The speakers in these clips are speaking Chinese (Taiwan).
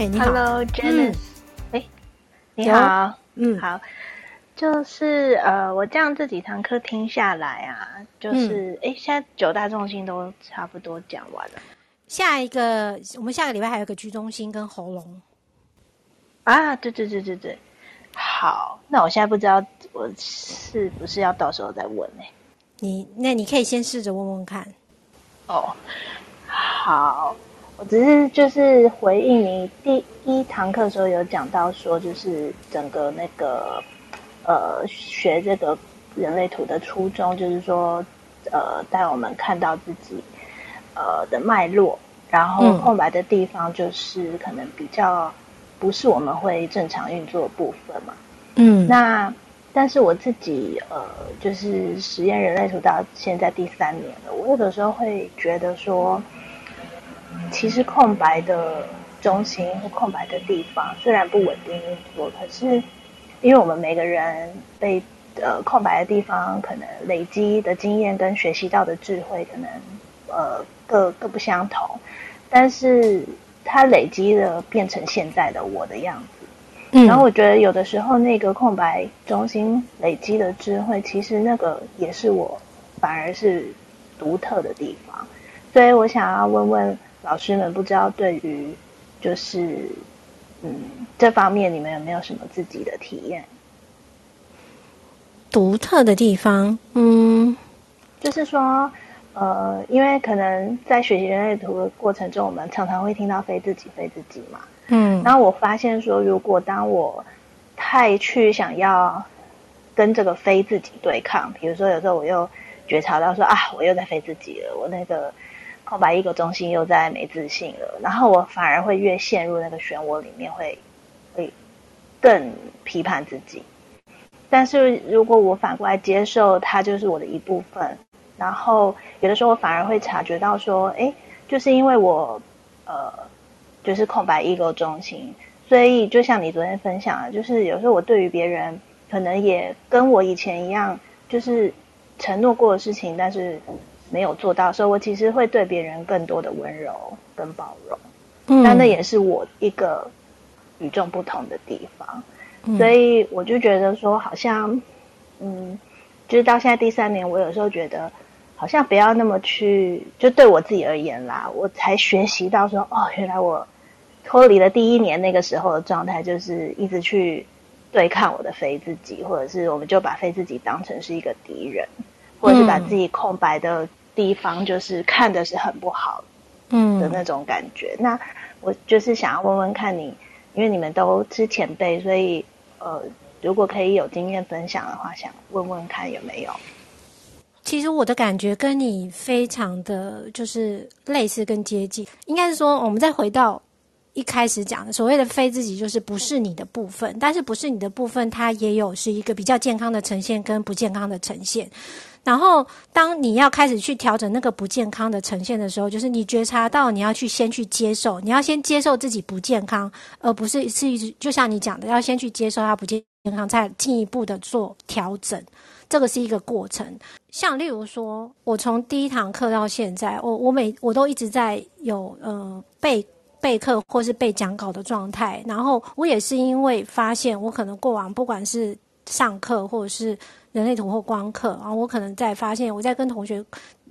Hello, Janis 你好。Hello, Janis 嗯，欸、好，嗯好。就是呃，我這樣這幾堂課聽下來啊，就是哎、嗯欸，現在九大中心都差不多講完了。下一個，我們下個禮拜還有個居中心跟喉嚨。啊，對對對對對。好，那我現在不知道我是不是要到時候再問呢、欸？你，那你可以先試着問問看。哦，好。我只是就是回應你第一堂課的時候有講到說，就是整個那個，呃，學這個人類圖的初衷，就是說，呃，帶我們看到自己，呃的脈絡，然後空白的地方就是可能比較不是我們會正常運作的部分嘛。嗯。那但是我自己呃，就是實驗人類圖到現在第三年了，我有的時候會覺得說。其實空白的中心和空白的地方雖然不穩定運作，可是因為我們每個人被呃空白的地方可能累積的經驗跟學習到的智慧，可能呃各各不相同，但是它累積的變成現在的我的樣子。嗯、然後我覺得有的時候那個空白中心累積的智慧，其實那個也是我反而是獨特的地方，所以我想要問問，老師們不知道對於，就是，嗯，這方面你們有沒有什麼自己的體驗？獨特的地方，嗯，就是說，呃，因為可能在學習人類圖的過程中，我們常常會聽到“非自己，非自己”嘛。嗯。然後我發現說，如果當我太去想要跟這個“非自己”對抗，比如說有時候我又覺察到說啊，我又在“非自己”了，我那個。空白 ego 中心又再沒自信了，然後我反而會越陷入那個漩渦裡面，會會更批判自己。但是如果我反過來接受，它就是我的一部分，然後有的時候我反而會察覺到說，哎，就是因為我呃，就是空白 ego 中心，所以就像你昨天分享的，就是有時候我對於別人可能也跟我以前一樣，就是承諾過的事情，但是。沒有做到，所以我其實會對別人更多的溫柔跟包容，但、嗯、那也是我一個與眾不同的地方。嗯、所以我就覺得說，好像，嗯，就是到現在第三年，我有時候覺得好像不要那麼去，就對我自己而言啦，我才學習到說，哦，原來我脫離了第一年那個時候的狀態，就是一直去對抗我的非自己，或者是我們就把非自己當成是一個敵人，嗯、或者是把自己空白的。地方就是看的是很不好的，嗯的那種感覺。嗯、那我就是想要問問看你，因為你們都是前輩，所以呃，如果可以有經驗分享的話，想問問看有沒有。其實我的感覺跟你非常的，就是類似跟接近。應該是說，我們再回到。一開始講的所謂的非自己，就是不是你的部分。但是不是你的部分，它也有是一個比較健康的呈現跟不健康的呈現。然後，當你要開始去調整那個不健康的呈現的時候，就是你覺察到你要去先去接受，你要先接受自己不健康，而不是是一直就像你講的，要先去接受它不健康，再進一步的做調整。這個是一個過程。像例如說，我從第一堂課到現在，我我每我都一直在有呃被。備課或是備講稿的狀態，然後我也是因為發現，我可能過往不管是上課或者是人類圖或光課，然後我可能在發現我在跟同學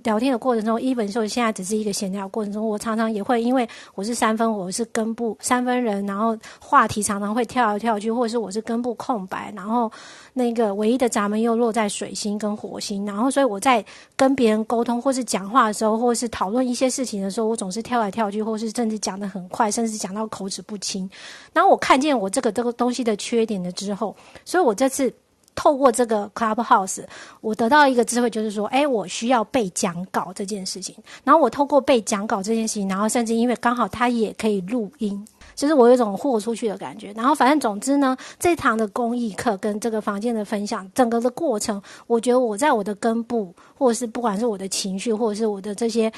聊天的過程中，一本說我現在只是一個閒聊過程中，我常常也會因為我是三分，我是根部三分人，然後話題常常會跳來跳去，或者是我是根部空白，然後那個唯一的閘門又落在水星跟火星，然後所以我在跟別人溝通或是講話的時候，或是討論一些事情的時候，我總是跳來跳去，或是甚至講得很快，甚至講到口齒不清。然後我看見我這個這個東西的缺點了之後，所以我這次。透過這個 Clubhouse，我得到一個智慧，就是說，誒，我需要背講稿這件事情。然後我透過背講稿這件事情，然後甚至因為剛好它也可以錄音，其實，我有一種豁出去的感覺。然後反正總之呢，這堂的公益課跟這個房間的分享，整個的過程，我覺得我在我的根部，或者是不管是我的情緒，或者是我的這些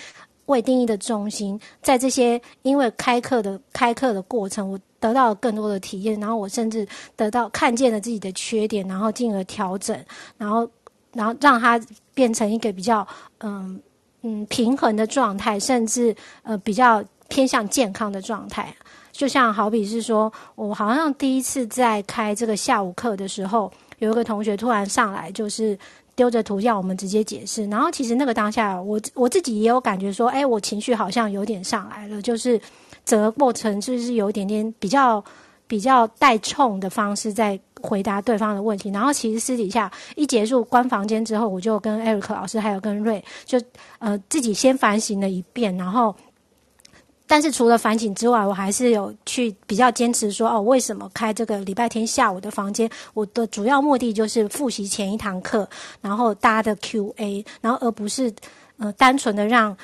未定義的中心，在這些因為開課的開課的過程，我得到更多的體驗，然後我甚至得到看見了自己的缺點，然後進而調整，然後，然後讓它變成一個比較、呃、嗯嗯平衡的狀態，甚至呃比較偏向健康的狀態。就像好比是說，我好像第一次在開這個下午課的時候，有一個同學突然上來，就是丟着圖像我們直接解釋，然後其實那個當下，我我自己也有感覺說，哎，我情緒好像有點上來了，就是。整個過程就是有一點點比較比較帶衝的方式在回答對方的問題，然後其實私底下一結束關房間之後，我就跟 Eric 老師還有跟瑞就呃自己先反省了一遍，然後但是除了反省之外，我還是有去比較堅持說哦，為什麼開這個禮拜天下午的房間？我的主要目的就是複習前一堂課，然後搭的 Q&A，然後而不是呃單純的讓。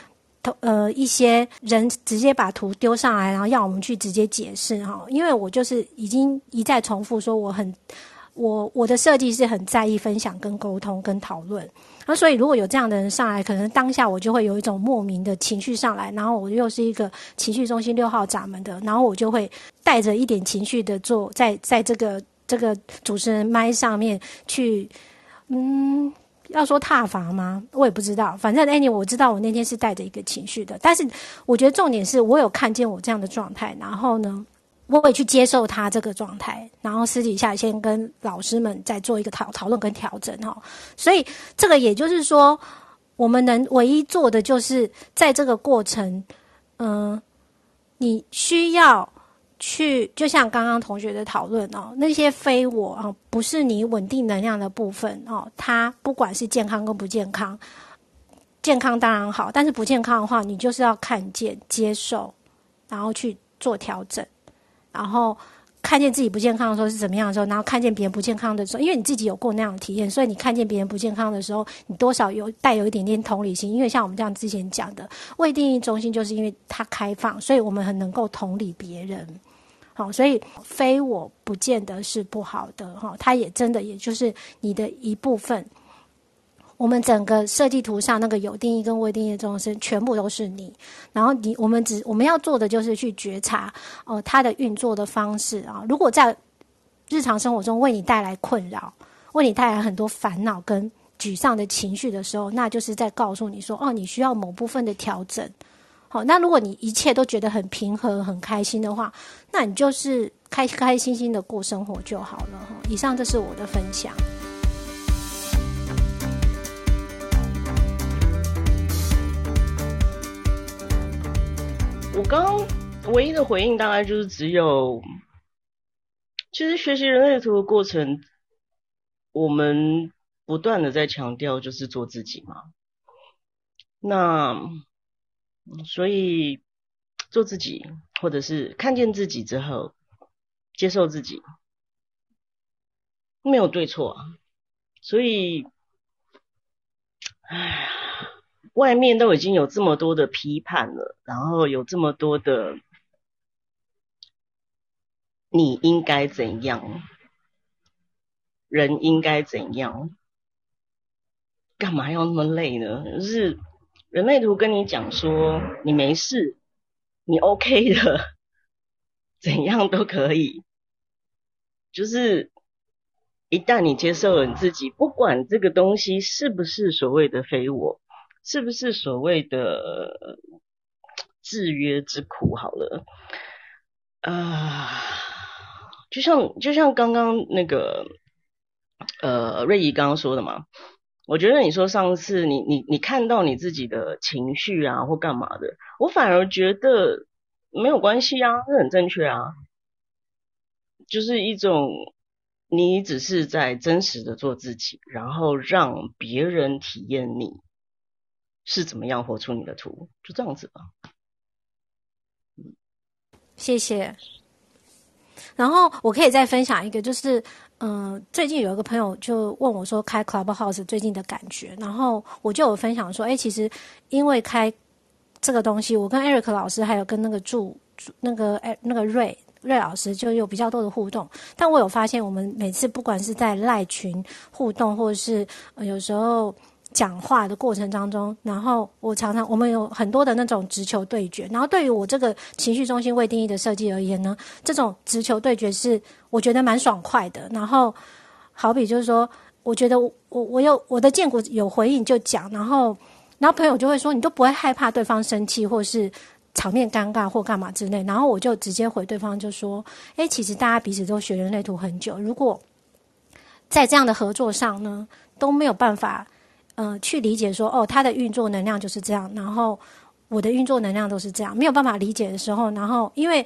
呃，一些人直接把圖丟上來，然後要我們去直接解釋哈。因為我就是已經一再重複說，我很，我我的設計是很在意分享、跟溝通、跟討論。那、啊、所以如果有這樣的人上來，可能當下我就會有一種莫名的情緒上來，然後我又是一個情緒中心六號閘門的，然後我就會帶着一點情緒的坐在在這個這個主持人麥上面去，嗯。要說踏伐嗎？我也不知道。反正 Annie，我知道我那天是帶着一個情緒的，但是我覺得重點是我有看見我這樣的狀態，然後呢，我也去接受他這個狀態，然後私底下先跟老師們再做一個討討論跟調整哈。所以這個也就是說，我們能唯一做的就是在這個過程，嗯、呃，你需要。去就像剛剛同學的討論哦，那些非我啊，哦，不是你穩定能量的部分哦，它不管是健康跟不健康，健康當然好，但是不健康的話，你就是要看見、接受，然後去做調整，然後看見自己不健康的時候是怎麼樣的時候，然後看見別人不健康的時候，因為你自己有過那樣的體驗，所以你看見別人不健康的時候，你多少有帶有一點點同理心，因為像我們這樣之前講的未定義中心，就是因為它開放，所以我們很能夠同理別人。好、哦，所以非我不見得是不好的哈、哦，它也真的也就是你的一部分。我們整個設計圖上那個有定義跟未定義的中心，全部都是你。然後你，我們只我們要做的就是去覺察哦，它的運作的方式啊、哦。如果在日常生活中為你帶來困擾，為你帶來很多煩惱跟沮喪的情緒的時候，那就是在告訴你說，哦，你需要某部分的調整。好、哦，那如果你一切都覺得很平和，很開心的話，那你就是開開心心的過生活就好了。哈，以上這是我的分享。我剛剛，唯一的回應，大概就是只有，其實學習人類圖的過程，我們不斷的在強調，就是做自己嘛。那。所以做自己，或者是看見自己之後，接受自己，沒有對錯啊。所以，哎呀，外面都已經有這麼多的批判了，然後有這麼多的，你應該怎樣？人應該怎樣？幹嘛要那麼累呢？就是。人類圖跟你講說，你沒事，你 OK 的，怎樣都可以。就是一旦你接受了你自己，不管這個東西是不是所謂的非我，是不是所謂的制約之苦，好了，啊、呃，就像就像剛剛那個呃睿曦剛剛說的嘛。我覺得你說上次你你你看到你自己的情緒啊或幹嘛的，我反而覺得沒有關係啊，這很正確啊，就是一種你只是在真實的做自己，然後讓別人體驗你是怎麼樣活出你的圖，就這樣子吧。謝謝。然後我可以再分享一個，就是，嗯、呃，最近有一個朋友就問我說，開 Clubhouse 最近的感覺，然後我就有分享說，哎，其實因為開這個東西，我跟 Eric 老師還有跟那個助那個哎那個睿曦老師就有比較多的互動，但我有發現，我們每次不管是在賴群互動，或者是、呃、有時候。講話的過程當中，然後我常常我們有很多的那種直球對決，然後對於我這個情緒中心未定義的設計而言呢，這種直球對決是我覺得蠻爽快的。然後好比就是說，我覺得我我有我的薦骨有回應就講，然後然後朋友就會說你都不會害怕對方生氣或是場面尷尬或幹嘛之類，然後我就直接回對方就說：哎，其實大家彼此都學人類圖很久，如果在這樣的合作上呢，都沒有辦法。嗯、呃，去理解說，哦，他的運作能量就是這樣，然後我的運作能量都是這樣，沒有辦法理解的時候，然後因為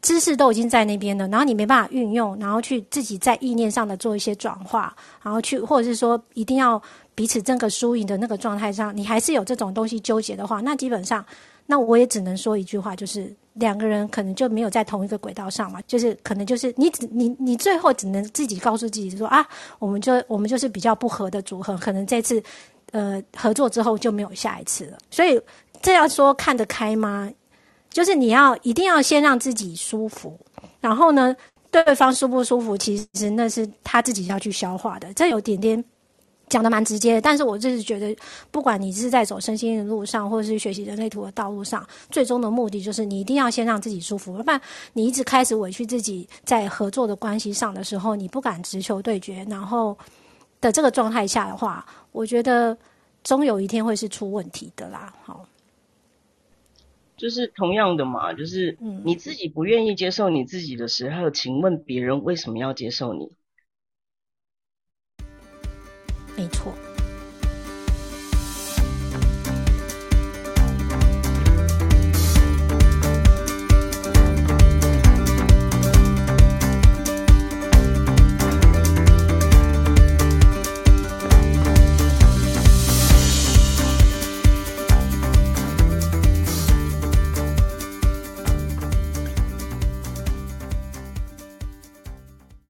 知識都已經在那邊了，然後你沒辦法運用，然後去自己在意念上的做一些轉化，然後去或者是說一定要彼此爭個輸贏的那個狀態上，你還是有這種東西糾結的話，那基本上，那我也只能說一句話，就是。兩個人可能就沒有在同一個軌道上嘛，就是可能就是你只你你最後只能自己告訴自己說啊，我們就我們就是比較不合的組合，可能這次，呃，合作之後就沒有下一次了。所以這樣說看得開嗎？就是你要一定要先讓自己舒服，然後呢，對方舒不舒服，其實那是他自己要去消化的。這有點點。講的蠻直接的，但是我就是覺得，不管你是在走身心的路上，或者是學習人類圖的道路上，最終的目的就是你一定要先讓自己舒服。不然你一直開始委屈自己，在合作的關係上的時候，你不敢直球對決，然後的這個狀態下的話，我覺得終有一天會是出問題的啦。好，就是同樣的嘛，就是你自己不願意接受你自己的時候，請問別人為什麼要接受你？沒錯。